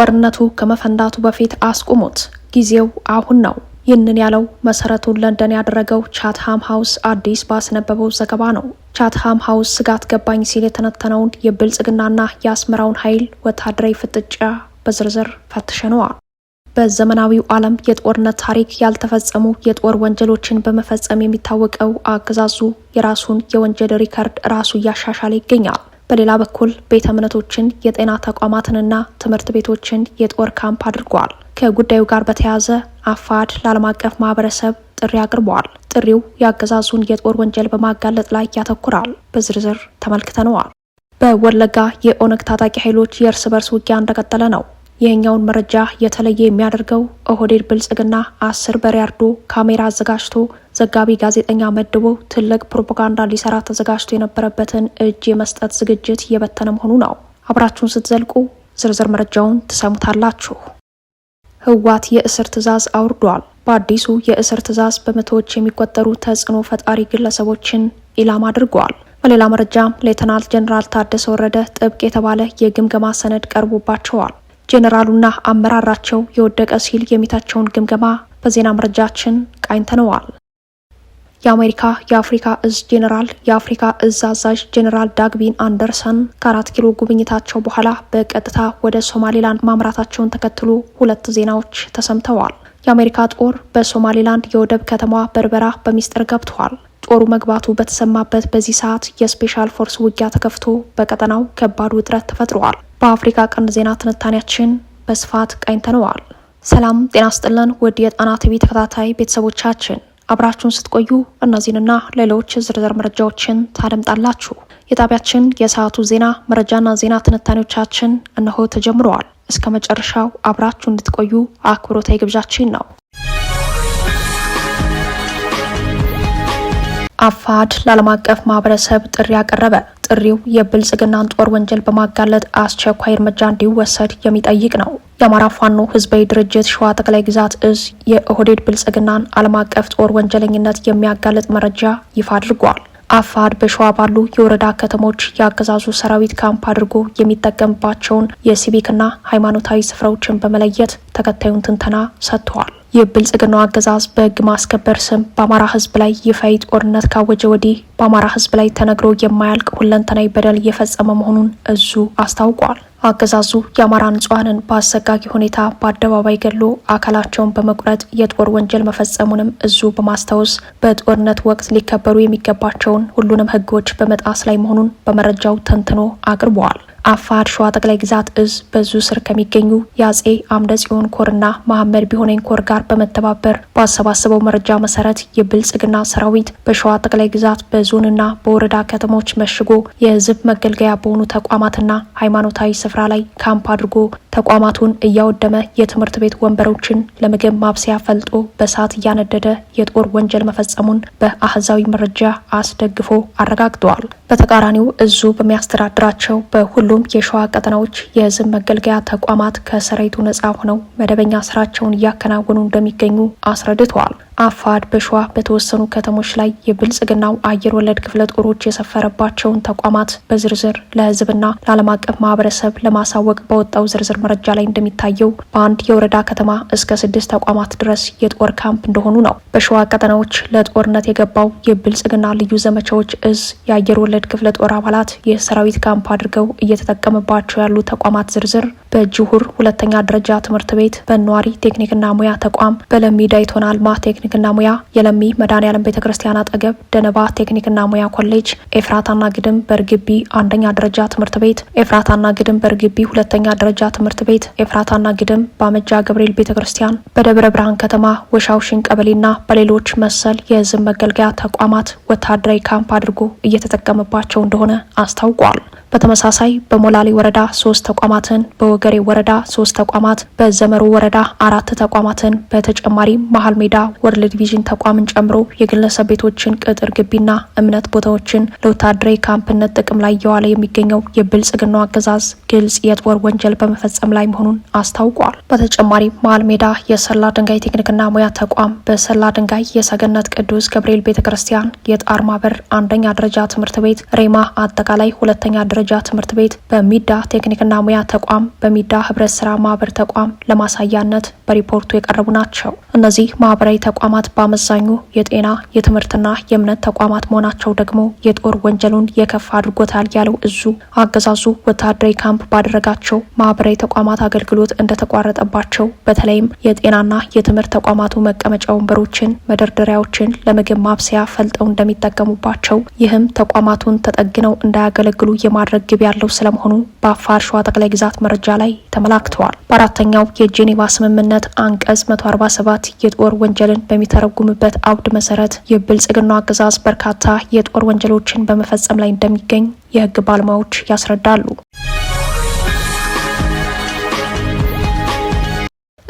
ጦርነቱ ከመፈንዳቱ በፊት አስቁሙት፣ ጊዜው አሁን ነው። ይህንን ያለው መሰረቱን ለንደን ያደረገው ቻትሃም ሀውስ አዲስ ባስነበበው ዘገባ ነው። ቻትሃም ሀውስ ስጋት ገባኝ ሲል የተነተነውን የብልጽግናና የአስመራውን ኃይል ወታደራዊ ፍጥጫ በዝርዝር ፈትሸነዋል። በዘመናዊው ዓለም የጦርነት ታሪክ ያልተፈጸሙ የጦር ወንጀሎችን በመፈጸም የሚታወቀው አገዛዙ የራሱን የወንጀል ሪከርድ ራሱ እያሻሻለ ይገኛል። በሌላ በኩል ቤተ እምነቶችን፣ የጤና ተቋማትንና ትምህርት ቤቶችን የጦር ካምፕ አድርጓል። ከጉዳዩ ጋር በተያያዘ አፋድ ለዓለም አቀፍ ማህበረሰብ ጥሪ አቅርበዋል። ጥሪው የአገዛዙን የጦር ወንጀል በማጋለጥ ላይ ያተኩራል። በዝርዝር ተመልክተነዋል። በወለጋ የኦነግ ታጣቂ ኃይሎች የእርስ በርስ ውጊያ እንደቀጠለ ነው። ይህኛውን መረጃ የተለየ የሚያደርገው ኦህዴድ ብልጽግና አስር በሪያርዶ ካሜራ አዘጋጅቶ ዘጋቢ ጋዜጠኛ መድቦ ትልቅ ፕሮፓጋንዳ ሊሰራ ተዘጋጅቶ የነበረበትን እጅ የመስጠት ዝግጅት እየበተነ መሆኑ ነው። አብራችሁን ስትዘልቁ ዝርዝር መረጃውን ትሰሙታላችሁ። ህወሓት የእስር ትዕዛዝ አውርዷል። በአዲሱ የእስር ትዕዛዝ በመቶዎች የሚቆጠሩ ተጽዕኖ ፈጣሪ ግለሰቦችን ኢላማ አድርጓል። በሌላ መረጃም ሌተናል ጀኔራል ታደሰ ወረደ ጥብቅ የተባለ የግምገማ ሰነድ ቀርቦባቸዋል። ጀኔራሉና አመራራቸው የወደቀ ሲል የሚታቸውን ግምገማ በዜና መረጃችን ቃኝተነዋል። የአሜሪካ የአፍሪካ እዝ ጄኔራል የአፍሪካ እዝ አዛዥ ጄኔራል ዳግቢን አንደርሰን ከአራት ኪሎ ጉብኝታቸው በኋላ በቀጥታ ወደ ሶማሌላንድ ማምራታቸውን ተከትሎ ሁለት ዜናዎች ተሰምተዋል። የአሜሪካ ጦር በሶማሌላንድ የወደብ ከተማ በርበራ በሚስጥር ገብተዋል። ጦሩ መግባቱ በተሰማበት በዚህ ሰዓት የስፔሻል ፎርስ ውጊያ ተከፍቶ በቀጠናው ከባድ ውጥረት ተፈጥሯል። በአፍሪካ ቀንድ ዜና ትንታኔያችን በስፋት ቃኝተነዋል። ሰላም ጤና ስጥልን ውድ የጣና ቲቪ ተከታታይ ቤተሰቦቻችን አብራችሁን ስትቆዩ እነዚህንና ሌሎች ዝርዝር መረጃዎችን ታደምጣላችሁ። የጣቢያችን የሰዓቱ ዜና መረጃና ዜና ትንታኔዎቻችን እነሆ ተጀምረዋል። እስከ መጨረሻው አብራችሁ እንድትቆዩ አክብሮታዊ ግብዣችን ነው። አፋድ ለዓለም አቀፍ ማህበረሰብ ጥሪ ያቀረበ ጥሪው የብልጽግናን ጦር ወንጀል በማጋለጥ አስቸኳይ እርምጃ እንዲወሰድ የሚጠይቅ ነው። የአማራ ፋኖ ህዝባዊ ድርጅት ሸዋ ጠቅላይ ግዛት እዝ የኦህዴድ ብልጽግናን ዓለም አቀፍ ጦር ወንጀለኝነት የሚያጋልጥ መረጃ ይፋ አድርጓል። አፋድ በሸዋ ባሉ የወረዳ ከተሞች የአገዛዙ ሰራዊት ካምፕ አድርጎ የሚጠቀምባቸውን የሲቪክና ሃይማኖታዊ ስፍራዎችን በመለየት ተከታዩን ትንተና ሰጥተዋል። የብልጽግናው አገዛዝ በህግ ማስከበር ስም በአማራ ህዝብ ላይ ይፋዊ ጦርነት ካወጀ ወዲህ በአማራ ህዝብ ላይ ተነግሮ የማያልቅ ሁለንተናዊ በደል እየፈጸመ መሆኑን እዙ አስታውቋል። አገዛዙ የአማራ ንጹሐንን በአሰቃቂ ሁኔታ በአደባባይ ገሎ አካላቸውን በመቁረጥ የጦር ወንጀል መፈጸሙንም እዙ በማስታወስ በጦርነት ወቅት ሊከበሩ የሚገባቸውን ሁሉንም ሕጎች በመጣስ ላይ መሆኑን በመረጃው ተንትኖ አቅርበዋል። አፋር ሸዋ ጠቅላይ ግዛት እዝ በዙ ስር ከሚገኙ የአጼ አምደ ጽዮን ኮርና መሐመድ ቢሆነኝ ኮር ጋር በመተባበር ባሰባሰበው መረጃ መሰረት የብልጽግና ሰራዊት በሸዋ ጠቅላይ ግዛት በዞንና በወረዳ ከተሞች መሽጎ የህዝብ መገልገያ በሆኑ ተቋማትና ሃይማኖታዊ ስፍራ ላይ ካምፕ አድርጎ ተቋማቱን እያወደመ የትምህርት ቤት ወንበሮችን ለምግብ ማብሰያ ፈልጦ በእሳት እያነደደ የጦር ወንጀል መፈጸሙን በአህዛዊ መረጃ አስደግፎ አረጋግጠዋል። በተቃራኒው እዙ በሚያስተዳድራቸው በሁሉም የሸዋ ቀጠናዎች የህዝብ መገልገያ ተቋማት ከሰራዊቱ ነጻ ሆነው መደበኛ ስራቸውን እያከናወኑ እንደሚገኙ አስረድተዋል። አፋድ በሸዋ በተወሰኑ ከተሞች ላይ የብልጽግናው አየር ወለድ ክፍለ ጦሮች የሰፈረባቸውን ተቋማት በዝርዝር ለህዝብና ለዓለም አቀፍ ማህበረሰብ ለማሳወቅ በወጣው ዝርዝር መረጃ ላይ እንደሚታየው በአንድ የወረዳ ከተማ እስከ ስድስት ተቋማት ድረስ የጦር ካምፕ እንደሆኑ ነው። በሸዋ ቀጠናዎች ለጦርነት የገባው የብልጽግና ልዩ ዘመቻዎች እዝ የአየር ወለድ ክፍለ ጦር አባላት የሰራዊት ካምፕ አድርገው እየተጠቀመባቸው ያሉ ተቋማት ዝርዝር በጅሁር ሁለተኛ ደረጃ ትምህርት ቤት፣ በነዋሪ ቴክኒክና ሙያ ተቋም፣ በለሚ ዳይቶና አልማ ቴክኒክ ቴክኒክና ሙያ የለሚ መድኃኔዓለም ቤተ ክርስቲያን አጠገብ ደነባ ቴክኒክና ሙያ ኮሌጅ፣ ኤፍራታና ግድም በርግቢ አንደኛ ደረጃ ትምህርት ቤት፣ ኤፍራታና ግድም በርግቢ ሁለተኛ ደረጃ ትምህርት ቤት፣ ኤፍራታና ግድም በአመጃ ገብርኤል ቤተ ክርስቲያን በደብረ ብርሃን ከተማ ወሻውሽን ቀበሌና በሌሎች መሰል የህዝብ መገልገያ ተቋማት ወታደራዊ ካምፕ አድርጎ እየተጠቀመባቸው እንደሆነ አስታውቋል። በተመሳሳይ በሞላሌ ወረዳ ሶስት ተቋማትን፣ በወገሬ ወረዳ ሶስት ተቋማት፣ በዘመሮ ወረዳ አራት ተቋማትን በተጨማሪም መሀል ሜዳ ወርል ዲቪዥን ተቋምን ጨምሮ የግለሰብ ቤቶችን ቅጥር ግቢና እምነት ቦታዎችን ለወታደራዊ ካምፕነት ጥቅም ላይ እየዋለ የሚገኘው የብልጽግናው አገዛዝ ግልጽ የጦር ወንጀል በመፈጸም ላይ መሆኑን አስታውቋል። በተጨማሪም መሀል ሜዳ የሰላ ድንጋይ ቴክኒክና ሙያ ተቋም፣ በሰላ ድንጋይ የሰገነት ቅዱስ ገብርኤል ቤተ ክርስቲያን፣ የጣርማ በር አንደኛ ደረጃ ትምህርት ቤት፣ ሬማ አጠቃላይ ሁለተኛ ደረጃ ትምህርት ቤት፣ በሚዳ ቴክኒክና ሙያ ተቋም፣ በሚዳ ህብረት ስራ ማህበር ተቋም ለማሳያነት በሪፖርቱ የቀረቡ ናቸው። እነዚህ ማህበራዊ ተቋማት በአመዛኙ የጤና የትምህርትና የእምነት ተቋማት መሆናቸው ደግሞ የጦር ወንጀሉን የከፍ አድርጎታል ያለው እዙ አገዛዙ ወታደራዊ ካምፕ ባደረጋቸው ማህበራዊ ተቋማት አገልግሎት እንደተቋረጠባቸው በተለይም የጤናና የትምህርት ተቋማቱ መቀመጫ ወንበሮችን፣ መደርደሪያዎችን ለምግብ ማብሰያ ፈልጠው እንደሚጠቀሙባቸው ይህም ተቋማቱን ተጠግነው እንዳያገለግሉ የማድረግ ርግብ ያለው ስለመሆኑ በአፋር ሸዋ ጠቅላይ ግዛት መረጃ ላይ ተመላክተዋል። በአራተኛው የጄኔቫ ስምምነት አንቀጽ 147 የጦር ወንጀልን በሚተረጉምበት አውድ መሰረት የብልጽግናው አገዛዝ በርካታ የጦር ወንጀሎችን በመፈጸም ላይ እንደሚገኝ የህግ ባለሙያዎች ያስረዳሉ።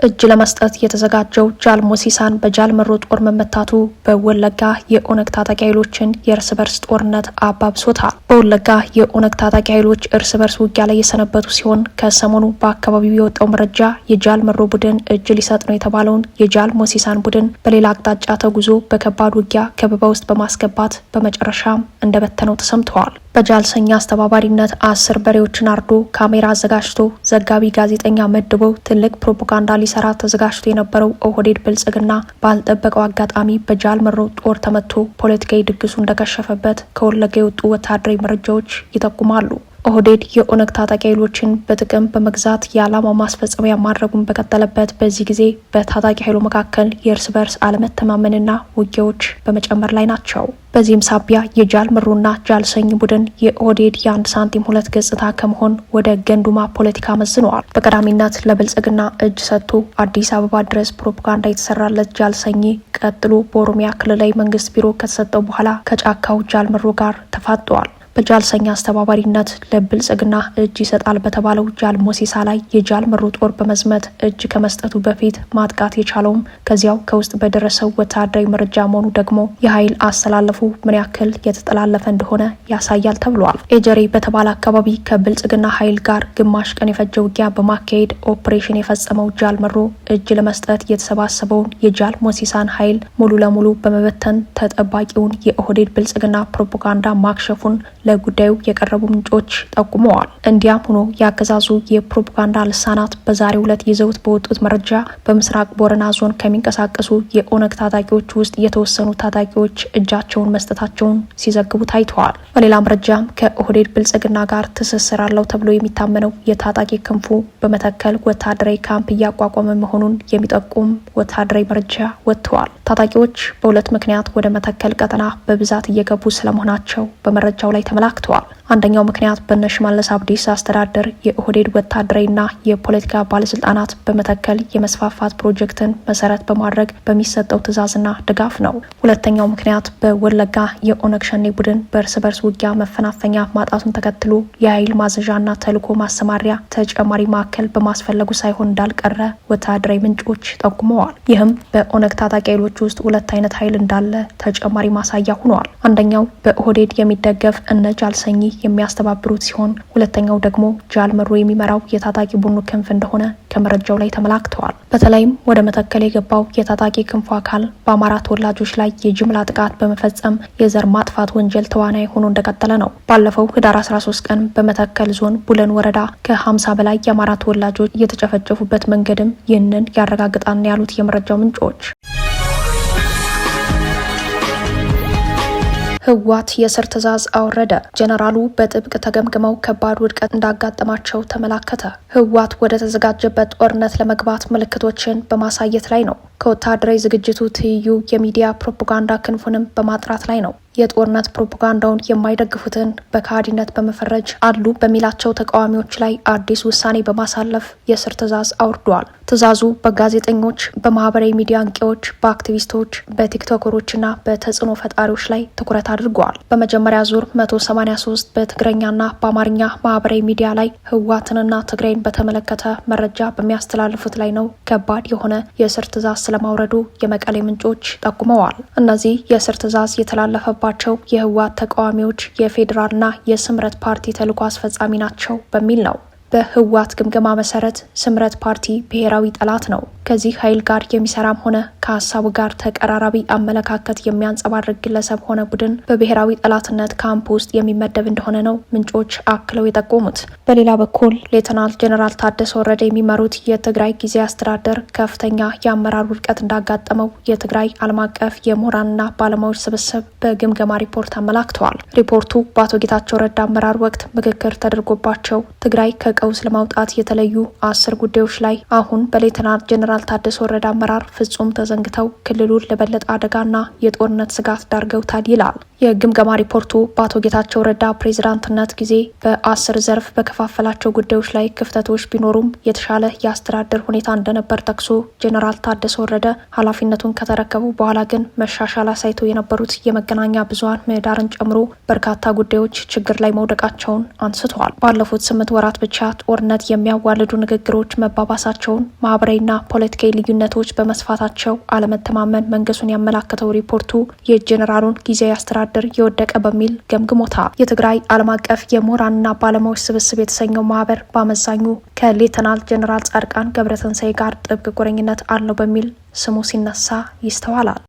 እጅ ለመስጠት የተዘጋጀው ጃል ሞሲሳን በጃል መሮ ጦር መመታቱ በወለጋ የኦነግ ታጣቂ ኃይሎችን የእርስ በርስ ጦርነት አባብሶታል። በወለጋ የኦነግ ታጣቂ ኃይሎች እርስ በርስ ውጊያ ላይ የሰነበቱ ሲሆን ከሰሞኑ በአካባቢው የወጣው መረጃ የጃል መሮ ቡድን እጅ ሊሰጥ ነው የተባለውን የጃል ሞሲሳን ቡድን በሌላ አቅጣጫ ተጉዞ በከባድ ውጊያ ከበባ ውስጥ በማስገባት በመጨረሻም እንደበተነው ተሰምተዋል። በጃልሰኛ አስተባባሪነት አስር በሬዎችን አርዶ ካሜራ አዘጋጅቶ ዘጋቢ ጋዜጠኛ መድቦ ትልቅ ፕሮፓጋንዳ ሊሰራ ተዘጋጅቶ የነበረው ኦህዴድ ብልጽግና ባልጠበቀው አጋጣሚ በጃል መሮ ጦር ተመቶ ፖለቲካዊ ድግሱ እንደከሸፈበት ከወለጋ የወጡ ወታደራዊ መረጃዎች ይጠቁማሉ። ኦህዴድ የኦነግ ታጣቂ ኃይሎችን በጥቅም በመግዛት የዓላማ ማስፈጸሚያ ማድረጉን በቀጠለበት በዚህ ጊዜ በታጣቂ ኃይሉ መካከል የእርስ በርስ አለመተማመንና ውጊያዎች በመጨመር ላይ ናቸው። በዚህም ሳቢያ የጃል ምሩና ጃል ሰኝ ቡድን የኦህዴድ የአንድ ሳንቲም ሁለት ገጽታ ከመሆን ወደ ገንዱማ ፖለቲካ መዝነዋል። በቀዳሚነት ለብልጽግና እጅ ሰጥቶ አዲስ አበባ ድረስ ፕሮፓጋንዳ የተሰራለት ጃል ሰኝ ቀጥሎ በኦሮሚያ ክልላዊ መንግስት ቢሮ ከተሰጠው በኋላ ከጫካው ጃል ጋር ተፋጠዋል። በጃልሰኛ አስተባባሪነት ለብልጽግና እጅ ይሰጣል በተባለው ጃል ሞሴሳ ላይ የጃል መሮ ጦር በመዝመት እጅ ከመስጠቱ በፊት ማጥቃት የቻለውም ከዚያው ከውስጥ በደረሰው ወታደራዊ መረጃ መሆኑ ደግሞ የኃይል አስተላለፉ ምን ያክል የተጠላለፈ እንደሆነ ያሳያል ተብሏል። ኤጀሬ በተባለ አካባቢ ከብልጽግና ኃይል ጋር ግማሽ ቀን የፈጀ ውጊያ በማካሄድ ኦፕሬሽን የፈጸመው ጃል መሮ እጅ ለመስጠት የተሰባሰበውን የጃል ሞሴሳን ኃይል ሙሉ ለሙሉ በመበተን ተጠባቂውን የኦህዴድ ብልጽግና ፕሮፓጋንዳ ማክሸፉን ለጉዳዩ የቀረቡ ምንጮች ጠቁመዋል። እንዲያም ሆኖ የአገዛዙ የፕሮፓጋንዳ ልሳናት በዛሬው ዕለት ይዘውት በወጡት መረጃ በምስራቅ ቦረና ዞን ከሚንቀሳቀሱ የኦነግ ታጣቂዎች ውስጥ የተወሰኑ ታጣቂዎች እጃቸውን መስጠታቸውን ሲዘግቡ ታይተዋል። በሌላ መረጃም ከኦህዴድ ብልጽግና ጋር ትስስር አለው ተብሎ የሚታመነው የታጣቂ ክንፉ በመተከል ወታደራዊ ካምፕ እያቋቋመ መሆኑን የሚጠቁም ወታደራዊ መረጃ ወጥተዋል። ታጣቂዎች በሁለት ምክንያት ወደ መተከል ቀጠና በብዛት እየገቡ ስለመሆናቸው በመረጃው ላይ አመላክተዋል። አንደኛው ምክንያት በነ ሽመልስ አብዲስ አስተዳደር የኦህዴድ ወታደራዊና የፖለቲካ ባለስልጣናት በመተከል የመስፋፋት ፕሮጀክትን መሰረት በማድረግ በሚሰጠው ትዕዛዝና ድጋፍ ነው። ሁለተኛው ምክንያት በወለጋ የኦነግ ሸኔ ቡድን በእርስ በርስ ውጊያ መፈናፈኛ ማጣቱን ተከትሎ የኃይል ማዘዣና ተልኮ ማሰማሪያ ተጨማሪ ማዕከል በማስፈለጉ ሳይሆን እንዳልቀረ ወታደራዊ ምንጮች ጠቁመዋል። ይህም በኦነግ ታጣቂ ኃይሎች ውስጥ ሁለት አይነት ኃይል እንዳለ ተጨማሪ ማሳያ ሆኗል። አንደኛው በኦህዴድ የሚደገፍ እነጅ ጃልሰኚ የሚያስተባብሩት ሲሆን ሁለተኛው ደግሞ ጃል መሮ የሚመራው የታጣቂ ቡድኑ ክንፍ እንደሆነ ከመረጃው ላይ ተመላክተዋል። በተለይም ወደ መተከል የገባው የታጣቂ ክንፉ አካል በአማራ ተወላጆች ላይ የጅምላ ጥቃት በመፈጸም የዘር ማጥፋት ወንጀል ተዋናይ ሆኖ እንደቀጠለ ነው። ባለፈው ህዳር 13 ቀን በመተከል ዞን ቡለን ወረዳ ከ50 በላይ የአማራ ተወላጆች የተጨፈጨፉበት መንገድም ይህንን ያረጋግጣል ያሉት የመረጃው ምንጮች ህወሓት የስር ትዕዛዝ አወረደ። ጀነራሉ በጥብቅ ተገምግመው ከባድ ውድቀት እንዳጋጠማቸው ተመላከተ። ህወሓት ወደ ተዘጋጀበት ጦርነት ለመግባት ምልክቶችን በማሳየት ላይ ነው። ከወታደራዊ ዝግጅቱ ትይዩ የሚዲያ ፕሮፓጋንዳ ክንፉንም በማጥራት ላይ ነው። የጦርነት ፕሮፓጋንዳውን የማይደግፉትን በካሃዲነት በመፈረጅ አሉ በሚላቸው ተቃዋሚዎች ላይ አዲስ ውሳኔ በማሳለፍ የእስር ትዕዛዝ አውርደዋል። ትዕዛዙ በጋዜጠኞች፣ በማህበራዊ ሚዲያ አንቂዎች፣ በአክቲቪስቶች፣ በቲክቶከሮችና በተጽዕኖ ፈጣሪዎች ላይ ትኩረት አድርገዋል። በመጀመሪያ ዙር 183 በትግረኛና በአማርኛ ማህበራዊ ሚዲያ ላይ ህወሓትንና ትግራይን በተመለከተ መረጃ በሚያስተላልፉት ላይ ነው ከባድ የሆነ የእስር ትዕዛዝ ስለማውረዱ የመቀሌ ምንጮች ጠቁመዋል። እነዚህ የእስር ትዕዛዝ የተላለፈባ የደረሰባቸው የህወሓት ተቃዋሚዎች የፌዴራልና የስምረት ፓርቲ ተልኮ አስፈጻሚ ናቸው በሚል ነው። በህወሓት ግምገማ መሰረት ስምረት ፓርቲ ብሔራዊ ጠላት ነው። ከዚህ ኃይል ጋር የሚሰራም ሆነ ከሀሳቡ ጋር ተቀራራቢ አመለካከት የሚያንጸባርቅ ግለሰብ ሆነ ቡድን በብሔራዊ ጠላትነት ካምፕ ውስጥ የሚመደብ እንደሆነ ነው ምንጮች አክለው የጠቆሙት። በሌላ በኩል ሌተናል ጀኔራል ታደሰ ወረደ የሚመሩት የትግራይ ጊዜ አስተዳደር ከፍተኛ የአመራር ውድቀት እንዳጋጠመው የትግራይ ዓለም አቀፍ የምሁራንና ባለሙያዎች ስብስብ በግምገማ ሪፖርት አመላክተዋል። ሪፖርቱ በአቶ ጌታቸው ረዳ አመራር ወቅት ምክክር ተደርጎባቸው ትግራይ ከ ቀውስ ለማውጣት የተለዩ አስር ጉዳዮች ላይ አሁን በሌተናል ጀኔራል ታደሰ ወረደ አመራር ፍጹም ተዘንግተው ክልሉን ለበለጠ አደጋና የጦርነት ስጋት ዳርገውታል ይላል የግምገማ ሪፖርቱ። በአቶ ጌታቸው ረዳ ፕሬዝዳንትነት ጊዜ በአስር ዘርፍ በከፋፈላቸው ጉዳዮች ላይ ክፍተቶች ቢኖሩም የተሻለ የአስተዳደር ሁኔታ እንደነበር ጠቅሶ ጀኔራል ታደሰ ወረደ ኃላፊነቱን ከተረከቡ በኋላ ግን መሻሻል አሳይተው የነበሩት የመገናኛ ብዙሀን ምህዳርን ጨምሮ በርካታ ጉዳዮች ችግር ላይ መውደቃቸውን አንስተዋል። ባለፉት ስምንት ወራት ብቻ የቃላት ጦርነት የሚያዋልዱ ንግግሮች መባባሳቸውን፣ ማህበራዊና ፖለቲካዊ ልዩነቶች በመስፋታቸው አለመተማመን መንገሱን ያመላከተው ሪፖርቱ የጄኔራሉን ጊዜያዊ አስተዳደር የወደቀ በሚል ገምግሞታል። የትግራይ ዓለም አቀፍ የምሁራንና ባለሙያዎች ስብስብ የተሰኘው ማህበር በአመዛኙ ከሌተናል ጄኔራል ጻድቃን ገብረተንሳይ ጋር ጥብቅ ቁርኝነት አለው በሚል ስሙ ሲነሳ ይስተዋላል።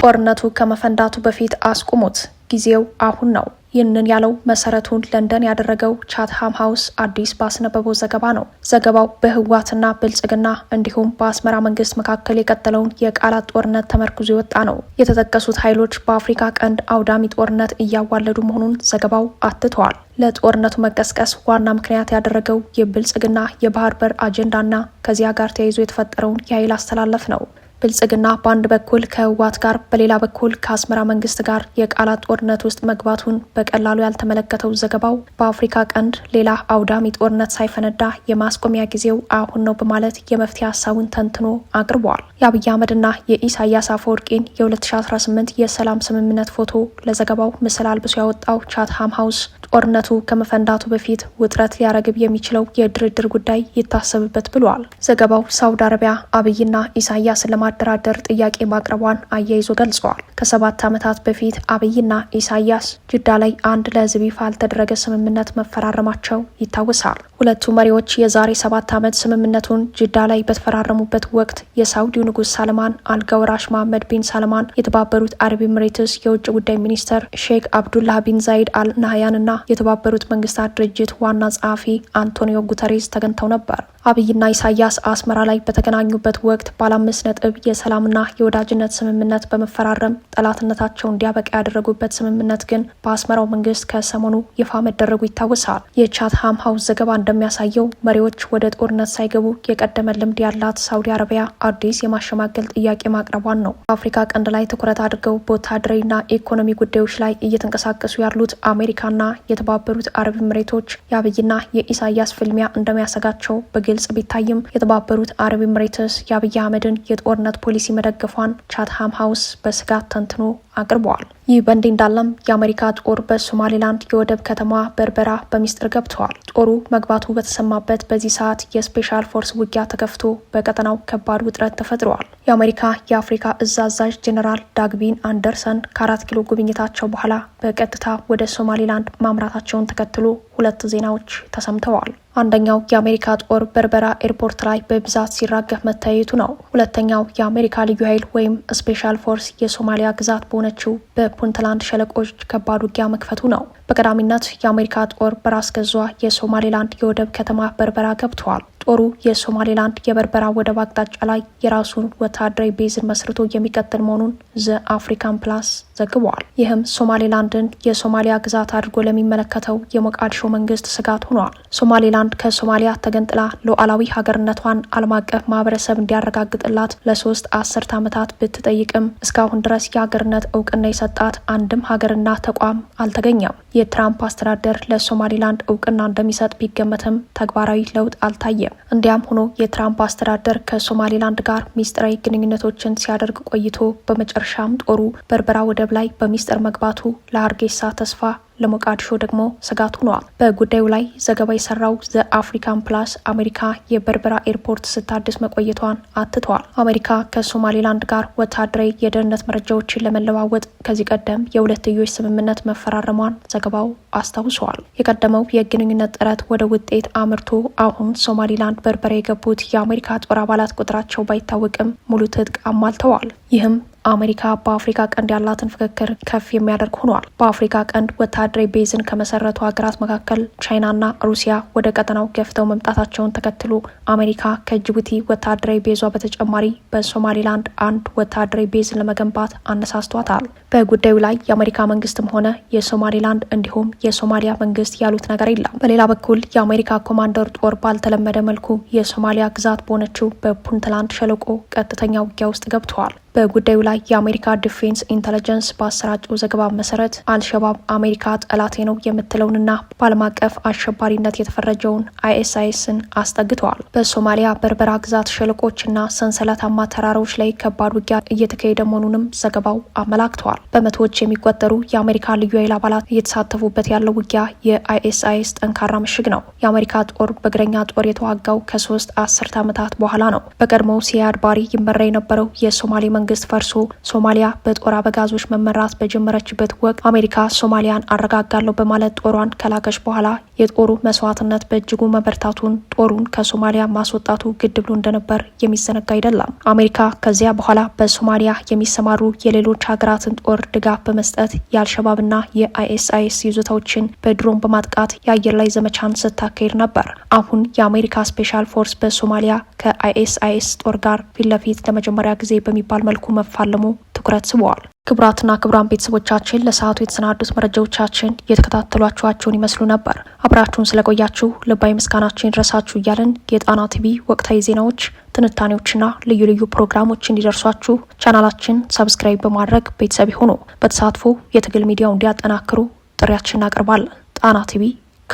ጦርነቱ ከመፈንዳቱ በፊት አስቁሙት፣ ጊዜው አሁን ነው። ይህንን ያለው መሰረቱን ለንደን ያደረገው ቻትሃም ሀውስ አዲስ ባስነበበው ዘገባ ነው። ዘገባው በህወሓትና ብልጽግና እንዲሁም በአስመራ መንግስት መካከል የቀጠለውን የቃላት ጦርነት ተመርኩዞ የወጣ ነው። የተጠቀሱት ኃይሎች በአፍሪካ ቀንድ አውዳሚ ጦርነት እያዋለዱ መሆኑን ዘገባው አትተዋል። ለጦርነቱ መቀስቀስ ዋና ምክንያት ያደረገው የብልጽግና የባህር በር አጀንዳና ከዚያ ጋር ተያይዞ የተፈጠረውን የኃይል አስተላለፍ ነው። ብልጽግና በአንድ በኩል ከህወሓት ጋር በሌላ በኩል ከአስመራ መንግስት ጋር የቃላት ጦርነት ውስጥ መግባቱን በቀላሉ ያልተመለከተው ዘገባው በአፍሪካ ቀንድ ሌላ አውዳሚ ጦርነት ሳይፈነዳ የማስቆሚያ ጊዜው አሁን ነው በማለት የመፍትሄ ሀሳቡን ተንትኖ አቅርበዋል። የአብይ አህመድና የኢሳያስ አፈወርቂን የ2018 የሰላም ስምምነት ፎቶ ለዘገባው ምስል አልብሶ ያወጣው ቻትሃም ሀውስ ጦርነቱ ከመፈንዳቱ በፊት ውጥረት ሊያረግብ የሚችለው የድርድር ጉዳይ ይታሰብበት ብሏል። ዘገባው ሳውዲ አረቢያ አብይና ኢሳያስ ለማ ለማደራደር ጥያቄ ማቅረቧን አያይዞ ገልጸዋል። ከሰባት ዓመታት በፊት አብይና ኢሳያስ ጅዳ ላይ አንድ ለህዝብ ይፋ ያልተደረገ ስምምነት መፈራረማቸው ይታወሳል። ሁለቱ መሪዎች የዛሬ ሰባት ዓመት ስምምነቱን ጅዳ ላይ በተፈራረሙበት ወቅት የሳውዲው ንጉሥ ሳልማን አልገውራሽ መሐመድ ቢን ሳልማን፣ የተባበሩት አረብ ኤምሬትስ የውጭ ጉዳይ ሚኒስተር ሼክ አብዱላህ ቢን ዛይድ አል ናህያን እና የተባበሩት መንግስታት ድርጅት ዋና ጸሐፊ አንቶኒዮ ጉተሬስ ተገኝተው ነበር። አብይና ኢሳያስ አስመራ ላይ በተገናኙበት ወቅት ባለ አምስት ነጥብ የሰላምና የወዳጅነት ስምምነት በመፈራረም ጠላትነታቸው እንዲያበቃ ያደረጉበት ስምምነት ግን በአስመራው መንግስት ከሰሞኑ ይፋ መደረጉ ይታወሳል። የቻትሃም ሀውስ ዘገባ እንደሚያሳየው መሪዎች ወደ ጦርነት ሳይገቡ የቀደመ ልምድ ያላት ሳውዲ አረቢያ አዲስ የማሸማገል ጥያቄ ማቅረቧን ነው። በአፍሪካ ቀንድ ላይ ትኩረት አድርገው በወታደራዊና ኢኮኖሚ ጉዳዮች ላይ እየተንቀሳቀሱ ያሉት አሜሪካና የተባበሩት አረብ ኤምሬቶች የአብይና የኢሳያስ ፍልሚያ እንደሚያሰጋቸው በግልጽ ቢታይም የተባበሩት አረብ ኤምሬትስ የአብይ አህመድን የጦርነት የጦርነት ፖሊሲ መደገፏን ቻትሃም ሀውስ በስጋት ተንትኖ አቅርበዋል። ይህ በእንዲህ እንዳለም የአሜሪካ ጦር በሶማሌላንድ የወደብ ከተማ በርበራ በሚስጥር ገብተዋል። ጦሩ መግባቱ በተሰማበት በዚህ ሰዓት የስፔሻል ፎርስ ውጊያ ተከፍቶ በቀጠናው ከባድ ውጥረት ተፈጥረዋል። የአሜሪካ የአፍሪካ እዝ አዛዥ ጄኔራል ዳግቢን አንደርሰን ከአራት ኪሎ ጉብኝታቸው በኋላ በቀጥታ ወደ ሶማሌላንድ ማምራታቸውን ተከትሎ ሁለት ዜናዎች ተሰምተዋል። አንደኛው የአሜሪካ ጦር በርበራ ኤርፖርት ላይ በብዛት ሲራገፍ መታየቱ ነው። ሁለተኛው የአሜሪካ ልዩ ኃይል ወይም ስፔሻል ፎርስ የሶማሊያ ግዛት በሆነችው በፑንትላንድ ሸለቆች ከባድ ውጊያ መክፈቱ ነው። በቀዳሚነት የአሜሪካ ጦር በራስ ገዟ የሶማሌላንድ የወደብ ከተማ በርበራ ገብተዋል። ጦሩ የሶማሌላንድ የበርበራ ወደብ አቅጣጫ ላይ የራሱን ወታደራዊ ቤዝን መስርቶ የሚቀጥል መሆኑን ዘ አፍሪካን ፕላስ ዘግቧል። ይህም ሶማሌላንድን የሶማሊያ ግዛት አድርጎ ለሚመለከተው የሞቃዲሾ መንግስት ስጋት ሆኗል። ሶማሌላንድ ከሶማሊያ ተገንጥላ ሉዓላዊ ሀገርነቷን ዓለም አቀፍ ማህበረሰብ እንዲያረጋግጥላት ለሶስት አስርት ዓመታት ብትጠይቅም እስካሁን ድረስ የሀገርነት እውቅና የሰጣት አንድም ሀገርና ተቋም አልተገኘም። የትራምፕ አስተዳደር ለሶማሊላንድ እውቅና እንደሚሰጥ ቢገመትም ተግባራዊ ለውጥ አልታየም። እንዲያም ሆኖ የትራምፕ አስተዳደር ከሶማሊላንድ ጋር ሚስጥራዊ ግንኙነቶችን ሲያደርግ ቆይቶ በመጨረሻም ጦሩ በርበራ ወደብ ላይ በሚስጥር መግባቱ ለአርጌሳ ተስፋ ለሞቃዲሾ ደግሞ ስጋት ሆኗል። በጉዳዩ ላይ ዘገባ የሰራው ዘ አፍሪካን ፕላስ አሜሪካ የበርበራ ኤርፖርት ስታድስ መቆየቷን አትተዋል። አሜሪካ ከሶማሌላንድ ጋር ወታደራዊ የደህንነት መረጃዎችን ለመለዋወጥ ከዚህ ቀደም የሁለትዮሽ ስምምነት መፈራረሟን ዘገባው አስታውሰዋል። የቀደመው የግንኙነት ጥረት ወደ ውጤት አምርቶ አሁን ሶማሌላንድ በርበራ የገቡት የአሜሪካ ጦር አባላት ቁጥራቸው ባይታወቅም ሙሉ ትጥቅ አሟልተዋል። ይህም አሜሪካ በአፍሪካ ቀንድ ያላትን ፍክክር ከፍ የሚያደርግ ሆኗል። በአፍሪካ ቀንድ ወታደራዊ ቤዝን ከመሰረቱ ሀገራት መካከል ቻይናና ሩሲያ ወደ ቀጠናው ገፍተው መምጣታቸውን ተከትሎ አሜሪካ ከጅቡቲ ወታደራዊ ቤዟ በተጨማሪ በሶማሌላንድ አንድ ወታደራዊ ቤዝን ለመገንባት አነሳስቷታል። በጉዳዩ ላይ የአሜሪካ መንግስትም ሆነ የሶማሌላንድ እንዲሁም የሶማሊያ መንግስት ያሉት ነገር የለም። በሌላ በኩል የአሜሪካ ኮማንደር ጦር ባልተለመደ መልኩ የሶማሊያ ግዛት በሆነችው በፑንትላንድ ሸለቆ ቀጥተኛ ውጊያ ውስጥ ገብተዋል። በጉዳዩ ላይ የአሜሪካ ዲፌንስ ኢንተለጀንስ በአሰራጨው ዘገባ መሰረት አልሸባብ አሜሪካ ጠላቴ ነው የምትለውንና በዓለም አቀፍ አሸባሪነት የተፈረጀውን አይኤስአይስን አስጠግተዋል። በሶማሊያ በርበራ ግዛት ሸለቆችና ሰንሰለታማ ተራራዎች ላይ ከባድ ውጊያ እየተካሄደ መሆኑንም ዘገባው አመላክተዋል። በመቶዎች የሚቆጠሩ የአሜሪካ ልዩ ኃይል አባላት እየተሳተፉበት ያለው ውጊያ የአይኤስአይስ ጠንካራ ምሽግ ነው። የአሜሪካ ጦር በእግረኛ ጦር የተዋጋው ከሶስት አስርት ዓመታት በኋላ ነው። በቀድሞው ሲያድ ባሪ ይመራ የነበረው የሶማሌ መንግስት መንግስት ፈርሶ ሶማሊያ በጦር አበጋዞች መመራት በጀመረችበት ወቅት አሜሪካ ሶማሊያን አረጋጋለሁ በማለት ጦሯን ከላከች በኋላ የጦሩ መስዋዕትነት በእጅጉ መበርታቱን ጦሩን ከሶማሊያ ማስወጣቱ ግድ ብሎ እንደነበር የሚዘነጋ አይደለም። አሜሪካ ከዚያ በኋላ በሶማሊያ የሚሰማሩ የሌሎች ሀገራትን ጦር ድጋፍ በመስጠት የአልሸባብና የአይኤስአይኤስ ይዞታዎችን በድሮን በማጥቃት የአየር ላይ ዘመቻን ስታካሄድ ነበር። አሁን የአሜሪካ ስፔሻል ፎርስ በሶማሊያ ከአይኤስአይኤስ ጦር ጋር ፊት ለፊት ለመጀመሪያ ጊዜ በሚባል መልኩ መልኩ መፋለሙ ትኩረት ስበዋል። ክቡራትና ክቡራን ቤተሰቦቻችን ለሰዓቱ የተሰናዱት መረጃዎቻችን እየተከታተሏችኋቸውን ይመስሉ ነበር። አብራችሁን ስለቆያችሁ ልባዊ ምስጋናችን ይድረሳችሁ እያለን። የጣና ቲቪ ወቅታዊ ዜናዎች፣ ትንታኔዎችና ልዩ ልዩ ፕሮግራሞች እንዲደርሷችሁ ቻናላችን ሰብስክራይብ በማድረግ ቤተሰብ ሆኖ በተሳትፎ የትግል ሚዲያውን እንዲያጠናክሩ ጥሪያችን እናቀርባለን። ጣና ቲቪ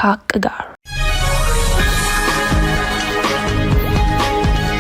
ከሀቅ ጋር